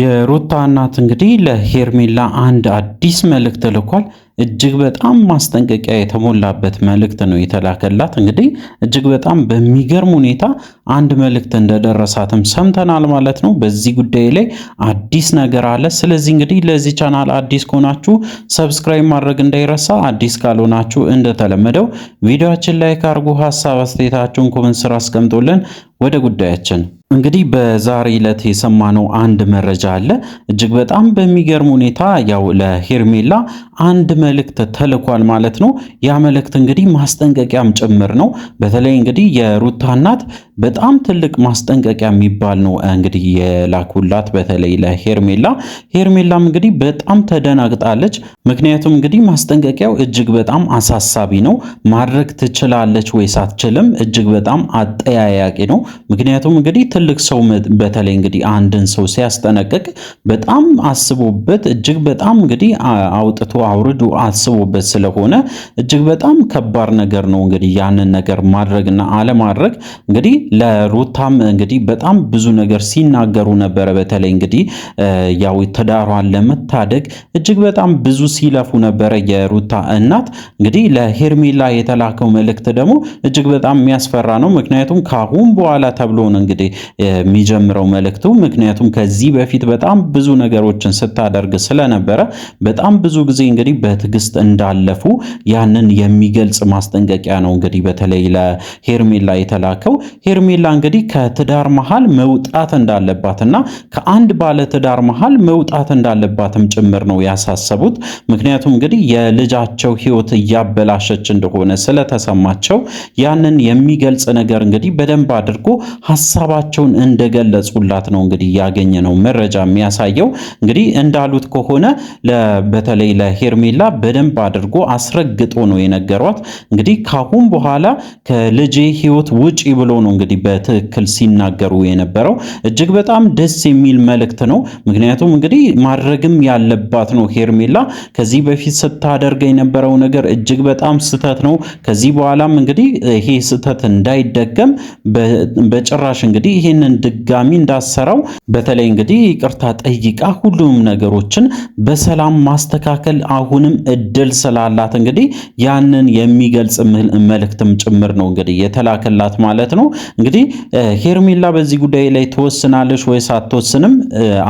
የሩታ እናት እንግዲህ ለሄርሜላ አንድ አዲስ መልእክት ልኳል። እጅግ በጣም ማስጠንቀቂያ የተሞላበት መልእክት ነው የተላከላት። እንግዲህ እጅግ በጣም በሚገርም ሁኔታ አንድ መልእክት እንደደረሳትም ሰምተናል ማለት ነው። በዚህ ጉዳይ ላይ አዲስ ነገር አለ። ስለዚህ እንግዲህ ለዚህ ቻናል አዲስ ከሆናችሁ ሰብስክራይብ ማድረግ እንዳይረሳ፣ አዲስ ካልሆናችሁ እንደተለመደው ቪዲዮችን ላይክ አድርጉ፣ ሀሳብ አስተያየታችሁን ኮመንት ስራ አስቀምጦልን ወደ ጉዳያችን እንግዲህ በዛሬ ዕለት የሰማነው አንድ መረጃ አለ። እጅግ በጣም በሚገርም ሁኔታ ያው ለሄርሜላ አንድ መልእክት ተልኳል ማለት ነው። ያ መልእክት እንግዲህ ማስጠንቀቂያም ጭምር ነው። በተለይ እንግዲህ የሩታ እናት በጣም ትልቅ ማስጠንቀቂያ የሚባል ነው እንግዲህ የላኩላት በተለይ ለሄርሜላ። ሄርሜላም እንግዲህ በጣም ተደናግጣለች። ምክንያቱም እንግዲህ ማስጠንቀቂያው እጅግ በጣም አሳሳቢ ነው። ማድረግ ትችላለች ወይስ አትችልም? እጅግ በጣም አጠያያቂ ነው። ምክንያቱም እንግዲህ ትልቅ ሰው በተለይ እንግዲህ አንድን ሰው ሲያስጠነቅቅ በጣም አስቦበት እጅግ በጣም እንግዲህ አውጥቶ አውርዶ አስቦበት ስለሆነ እጅግ በጣም ከባድ ነገር ነው። እንግዲህ ያንን ነገር ማድረግና አለማድረግ እንግዲህ ለሩታም እንግዲህ በጣም ብዙ ነገር ሲናገሩ ነበረ። በተለይ እንግዲህ ያው ትዳሯን ለመታደግ እጅግ በጣም ብዙ ሲለፉ ነበረ የሩታ እናት። እንግዲህ ለሄርሜላ የተላከው መልእክት ደግሞ እጅግ በጣም የሚያስፈራ ነው። ምክንያቱም ካሁን በኋላ ተብሎ ነው እንግዲህ የሚጀምረው መልእክቱ። ምክንያቱም ከዚህ በፊት በጣም ብዙ ነገሮችን ስታደርግ ስለነበረ በጣም ብዙ ጊዜ እንግዲህ በትዕግስት እንዳለፉ ያንን የሚገልጽ ማስጠንቀቂያ ነው እንግዲህ በተለይ ለሄርሜላ የተላከው። ሄርሜላ እንግዲህ ከትዳር መሃል መውጣት እንዳለባትና ከአንድ ባለ ትዳር መሃል መውጣት እንዳለባትም ጭምር ነው ያሳሰቡት። ምክንያቱም እንግዲህ የልጃቸው ህይወት እያበላሸች እንደሆነ ስለተሰማቸው ያንን የሚገልጽ ነገር እንግዲህ በደንብ አድርጎ ሀሳባቸው ራሳቸውን እንደገለጹላት ነው እንግዲህ ያገኘ ነው መረጃ የሚያሳየው። እንግዲህ እንዳሉት ከሆነ በተለይ ለሄርሜላ በደንብ አድርጎ አስረግጦ ነው የነገሯት። እንግዲህ ካሁን በኋላ ከልጄ ህይወት ውጪ ብሎ ነው እንግዲህ በትክክል ሲናገሩ የነበረው። እጅግ በጣም ደስ የሚል መልእክት ነው። ምክንያቱም እንግዲህ ማድረግም ያለባት ነው ሄርሜላ። ከዚህ በፊት ስታደርገ የነበረው ነገር እጅግ በጣም ስህተት ነው። ከዚህ በኋላም እንግዲህ ይሄ ስህተት እንዳይደገም በጭራሽ እንግዲህ ይህንን ድጋሚ እንዳሰራው በተለይ እንግዲህ ይቅርታ ጠይቃ ሁሉም ነገሮችን በሰላም ማስተካከል አሁንም እድል ስላላት እንግዲህ ያንን የሚገልጽ መልእክትም ጭምር ነው እንግዲህ የተላከላት ማለት ነው። እንግዲህ ሄርሜላ በዚህ ጉዳይ ላይ ትወስናለች ወይስ አትወስንም?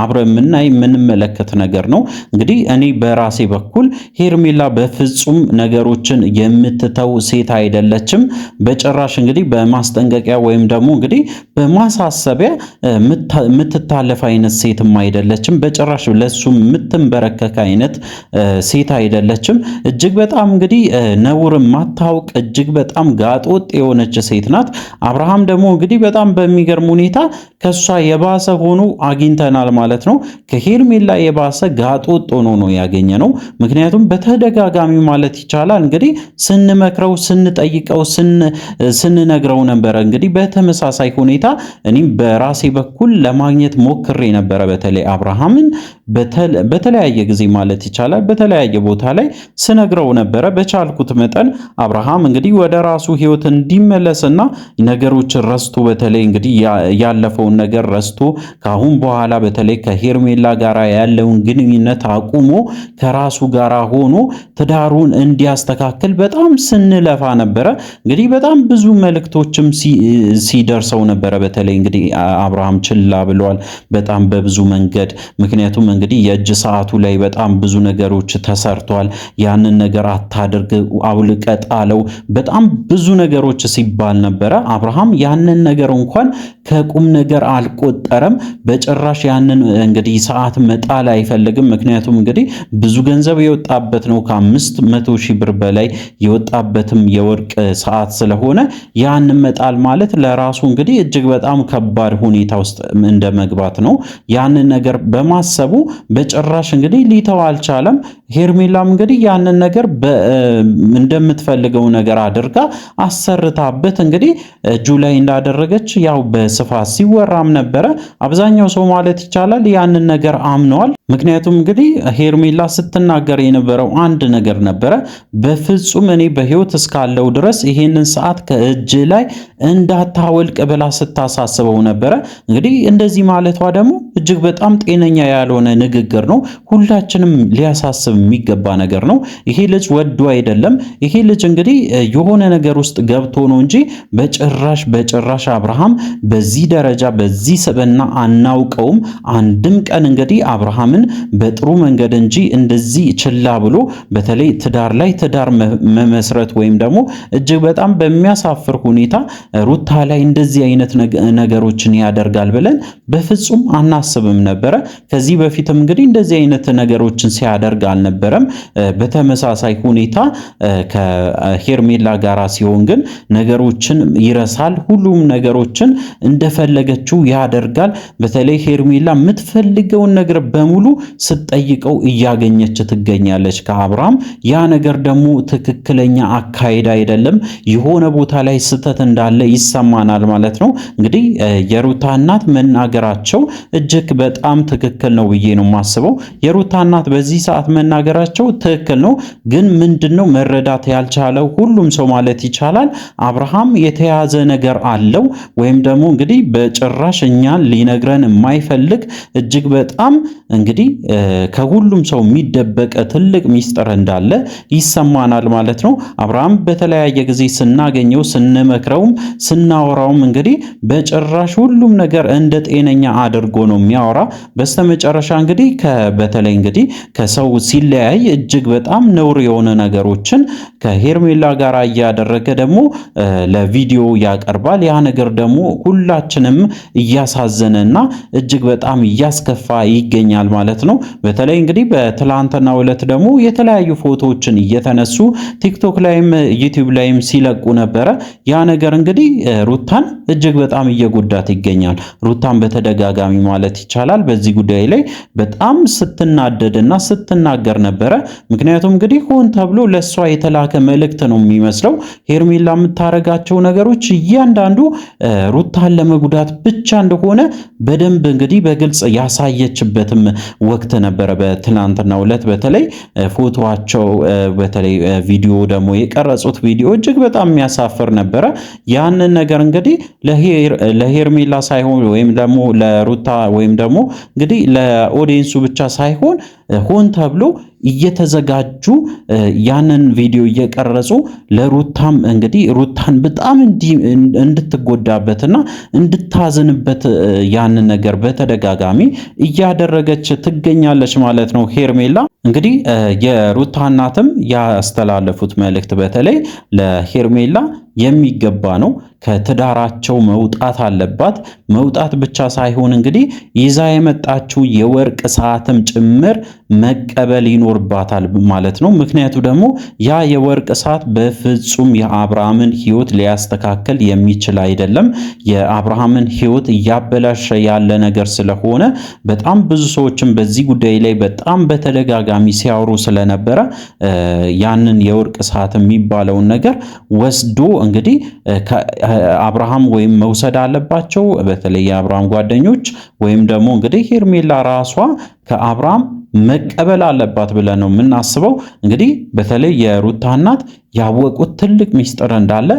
አብረ የምናይ የምንመለከት ነገር ነው። እንግዲህ እኔ በራሴ በኩል ሄርሜላ በፍጹም ነገሮችን የምትተው ሴት አይደለችም። በጭራሽ እንግዲህ በማስጠንቀቂያ ወይም ደግሞ እንግዲህ በማሳ መታሰቢያ የምትታለፍ አይነት ሴትም አይደለችም። በጭራሽ ለሱ የምትንበረከክ አይነት ሴት አይደለችም። እጅግ በጣም እንግዲህ ነውር ማታውቅ እጅግ በጣም ጋጦጥ የሆነች ሴት ናት። አብርሃም ደግሞ እንግዲህ በጣም በሚገርም ሁኔታ ከሷ የባሰ ሆኖ አግኝተናል ማለት ነው። ከሄርሜላ የባሰ ጋጦጥ ሆኖ ነው ያገኘ ነው። ምክንያቱም በተደጋጋሚ ማለት ይቻላል እንግዲህ ስንመክረው፣ ስንጠይቀው፣ ስንነግረው ነበረ እንግዲህ በተመሳሳይ ሁኔታ እኔም በራሴ በኩል ለማግኘት ሞክሬ ነበረ። በተለይ አብርሃምን በተለያየ ጊዜ ማለት ይቻላል በተለያየ ቦታ ላይ ስነግረው ነበረ። በቻልኩት መጠን አብርሃም እንግዲህ ወደ ራሱ ህይወት እንዲመለስና ነገሮችን ረስቶ በተለይ እንግዲህ ያለፈውን ነገር ረስቶ ከአሁን በኋላ በተለይ ከሄርሜላ ጋር ያለውን ግንኙነት አቁሞ ከራሱ ጋር ሆኖ ትዳሩን እንዲያስተካክል በጣም ስንለፋ ነበረ። እንግዲህ በጣም ብዙ መልእክቶችም ሲደርሰው ነበረ በተለይ እንግዲህ አብርሃም ችላ ብሏል፣ በጣም በብዙ መንገድ። ምክንያቱም እንግዲህ የእጅ ሰዓቱ ላይ በጣም ብዙ ነገሮች ተሰርቷል። ያንን ነገር አታድርግ፣ አውልቀጣለው በጣም ብዙ ነገሮች ሲባል ነበረ። አብርሃም ያንን ነገር እንኳን ከቁም ነገር አልቆጠረም። በጭራሽ ያንን እንግዲህ ሰዓት መጣል አይፈልግም። ምክንያቱም እንግዲህ ብዙ ገንዘብ የወጣበት ነው። ከአምስት መቶ ሺህ ብር በላይ የወጣበትም የወርቅ ሰዓት ስለሆነ ያንን መጣል ማለት ለራሱ እንግዲህ እጅግ በጣም ከባድ ሁኔታ ውስጥ እንደ መግባት ነው። ያንን ነገር በማሰቡ በጭራሽ እንግዲህ ሊተው አልቻለም። ሄርሜላም እንግዲህ ያንን ነገር እንደምትፈልገው ነገር አድርጋ አሰርታበት እንግዲህ እጁ ላይ እንዳደረገች ያው በ በስፋት ሲወራም ነበረ። አብዛኛው ሰው ማለት ይቻላል ያንን ነገር አምነዋል። ምክንያቱም እንግዲህ ሄርሜላ ስትናገር የነበረው አንድ ነገር ነበረ። በፍጹም እኔ በህይወት እስካለው ድረስ ይሄንን ሰዓት ከእጅ ላይ እንዳታወልቅ ብላ ስታሳስበው ነበረ። እንግዲህ እንደዚህ ማለቷ ደግሞ እጅግ በጣም ጤነኛ ያልሆነ ንግግር ነው። ሁላችንም ሊያሳስብ የሚገባ ነገር ነው። ይሄ ልጅ ወዶ አይደለም። ይሄ ልጅ እንግዲህ የሆነ ነገር ውስጥ ገብቶ ነው እንጂ በጭራሽ በጭራሽ አብርሃም በዚህ ደረጃ በዚህ ስብና አናውቀውም። አንድም ቀን እንግዲህ አብርሃም ሰላምን በጥሩ መንገድ እንጂ እንደዚህ ችላ ብሎ በተለይ ትዳር ላይ ትዳር መመስረት ወይም ደግሞ እጅግ በጣም በሚያሳፍር ሁኔታ ሩታ ላይ እንደዚህ አይነት ነገሮችን ያደርጋል ብለን በፍጹም አናስብም ነበረ። ከዚህ በፊትም እንግዲህ እንደዚህ አይነት ነገሮችን ሲያደርግ አልነበረም። በተመሳሳይ ሁኔታ ከሄርሜላ ጋር ሲሆን ግን ነገሮችን ይረሳል። ሁሉም ነገሮችን እንደፈለገችው ያደርጋል። በተለይ ሄርሜላ የምትፈልገውን ነገር በሙሉ ስትጠይቀው እያገኘች ትገኛለች ከአብርሃም ያ ነገር ደግሞ ትክክለኛ አካሄድ አይደለም። የሆነ ቦታ ላይ ስህተት እንዳለ ይሰማናል ማለት ነው። እንግዲህ የሩታ እናት መናገራቸው እጅግ በጣም ትክክል ነው ብዬ ነው የማስበው። የሩታ እናት በዚህ ሰዓት መናገራቸው ትክክል ነው። ግን ምንድነው መረዳት ያልቻለው ሁሉም ሰው ማለት ይቻላል አብርሃም የተያዘ ነገር አለው ወይም ደግሞ እንግዲህ በጭራሽ እኛን ሊነግረን የማይፈልግ እጅግ በጣም እንግዲህ እንግዲህ ከሁሉም ሰው የሚደበቀ ትልቅ ሚስጥር እንዳለ ይሰማናል ማለት ነው። አብርሃም በተለያየ ጊዜ ስናገኘው ስንመክረውም ስናወራውም እንግዲህ በጭራሽ ሁሉም ነገር እንደ ጤነኛ አድርጎ ነው የሚያወራ። በስተመጨረሻ እንግዲህ በተለይ እንግዲህ ከሰው ሲለያይ እጅግ በጣም ነውር የሆነ ነገሮችን ከሄርሜላ ጋር እያደረገ ደግሞ ለቪዲዮ ያቀርባል። ያ ነገር ደግሞ ሁላችንም እያሳዘነና እጅግ በጣም እያስከፋ ይገኛል ማለት ማለት ነው። በተለይ እንግዲህ በትላንትናው ዕለት ደግሞ የተለያዩ ፎቶዎችን እየተነሱ ቲክቶክ ላይም ዩቲዩብ ላይም ሲለቁ ነበረ። ያ ነገር እንግዲህ ሩታን እጅግ በጣም እየጎዳት ይገኛል። ሩታን በተደጋጋሚ ማለት ይቻላል በዚህ ጉዳይ ላይ በጣም ስትናደድና ስትናገር ነበረ። ምክንያቱም እንግዲህ ሆን ተብሎ ለእሷ የተላከ መልእክት ነው የሚመስለው። ሄርሜላ የምታረጋቸው ነገሮች እያንዳንዱ ሩታን ለመጉዳት ብቻ እንደሆነ በደንብ እንግዲህ በግልጽ ያሳየችበትም ወቅት ነበረ። በትናንትናው ዕለት በተለይ ፎቶቸው በተለይ ቪዲዮ ደግሞ የቀረጹት ቪዲዮ እጅግ በጣም የሚያሳፍር ነበረ። ያንን ነገር እንግዲህ ለሄርሜላ ሳይሆን ወይም ደግሞ ለሩታ ወይም ደግሞ እንግዲህ ለኦዲየንሱ ብቻ ሳይሆን ሆን ተብሎ እየተዘጋጁ ያንን ቪዲዮ እየቀረጹ ለሩታም እንግዲህ ሩታን በጣም እንድትጎዳበትና እንድታዝንበት ያንን ነገር በተደጋጋሚ እያደረገች ትገኛለች ማለት ነው ሄርሜላ። እንግዲህ የሩታ እናትም ያስተላለፉት መልእክት በተለይ ለሄርሜላ የሚገባ ነው። ከትዳራቸው መውጣት አለባት። መውጣት ብቻ ሳይሆን እንግዲህ ይዛ የመጣችው የወርቅ ሰዓትም ጭምር መቀበል ይኖርባታል ማለት ነው። ምክንያቱ ደግሞ ያ የወርቅ ሰዓት በፍጹም የአብርሃምን ሕይወት ሊያስተካከል የሚችል አይደለም። የአብርሃምን ሕይወት እያበላሸ ያለ ነገር ስለሆነ በጣም ብዙ ሰዎችም በዚህ ጉዳይ ላይ በጣም በተደጋጋሚ በተደጋጋሚ ሲያወሩ ስለነበረ ያንን የወርቅ ሰዓት የሚባለውን ነገር ወስዶ እንግዲህ አብርሃም ወይም መውሰድ አለባቸው በተለይ የአብርሃም ጓደኞች ወይም ደግሞ እንግዲህ ሄርሜላ ራሷ ከአብርሃም መቀበል አለባት ብለን ነው የምናስበው። እንግዲህ በተለይ የሩታ እናት ያወቁት ትልቅ ሚስጥር እንዳለ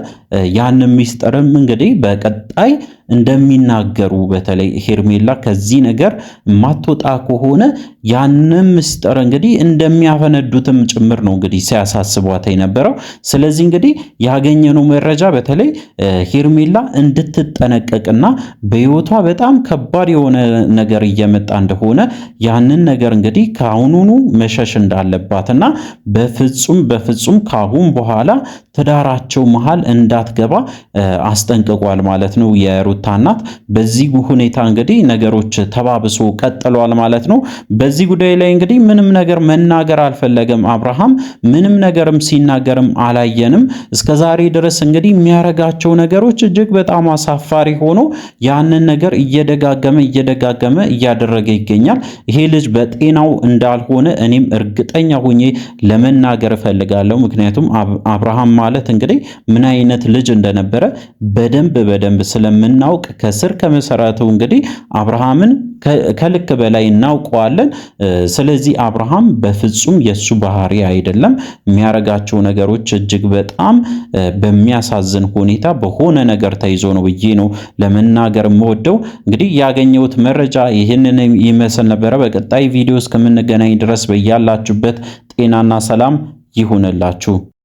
ያንን ሚስጥርም እንግዲህ በቀጣይ እንደሚናገሩ በተለይ ሄርሜላ ከዚህ ነገር ማትወጣ ከሆነ ያንን ምስጢር እንግዲህ እንደሚያፈነዱትም ጭምር ነው እንግዲህ ሲያሳስቧት የነበረው። ስለዚህ እንግዲህ ያገኘነው መረጃ በተለይ ሄርሜላ እንድትጠነቀቅና በሕይወቷ በጣም ከባድ የሆነ ነገር እየመጣ እንደሆነ ያንን ነገር እንግዲህ ከአሁኑኑ መሸሽ እንዳለባትና በፍጹም በፍጹም ከአሁን በኋላ በኋላ ትዳራቸው መሃል እንዳትገባ አስጠንቅቋል ማለት ነው የሩታ እናት። በዚህ ሁኔታ እንግዲህ ነገሮች ተባብሶ ቀጥሏል ማለት ነው። በዚህ ጉዳይ ላይ እንግዲህ ምንም ነገር መናገር አልፈለገም አብርሃም። ምንም ነገርም ሲናገርም አላየንም። እስከዛሬ ድረስ እንግዲህ የሚያረጋቸው ነገሮች እጅግ በጣም አሳፋሪ ሆኖ ያንን ነገር እየደጋገመ እየደጋገመ እያደረገ ይገኛል። ይሄ ልጅ በጤናው እንዳልሆነ እኔም እርግጠኛ ሁኜ ለመናገር እፈልጋለሁ። ምክንያቱም አብርሃም ማለት እንግዲህ ምን አይነት ልጅ እንደነበረ በደንብ በደንብ ስለምናውቅ ከስር ከመሰረቱ እንግዲህ አብርሃምን ከልክ በላይ እናውቀዋለን። ስለዚህ አብርሃም በፍጹም የሱ ባህሪ አይደለም። የሚያረጋቸው ነገሮች እጅግ በጣም በሚያሳዝን ሁኔታ በሆነ ነገር ተይዞ ነው ብዬ ነው ለመናገር የምወደው። እንግዲህ ያገኘሁት መረጃ ይህንን ይመስል ነበረ። በቀጣይ ቪዲዮ እስከምንገናኝ ድረስ በያላችሁበት ጤናና ሰላም ይሁንላችሁ።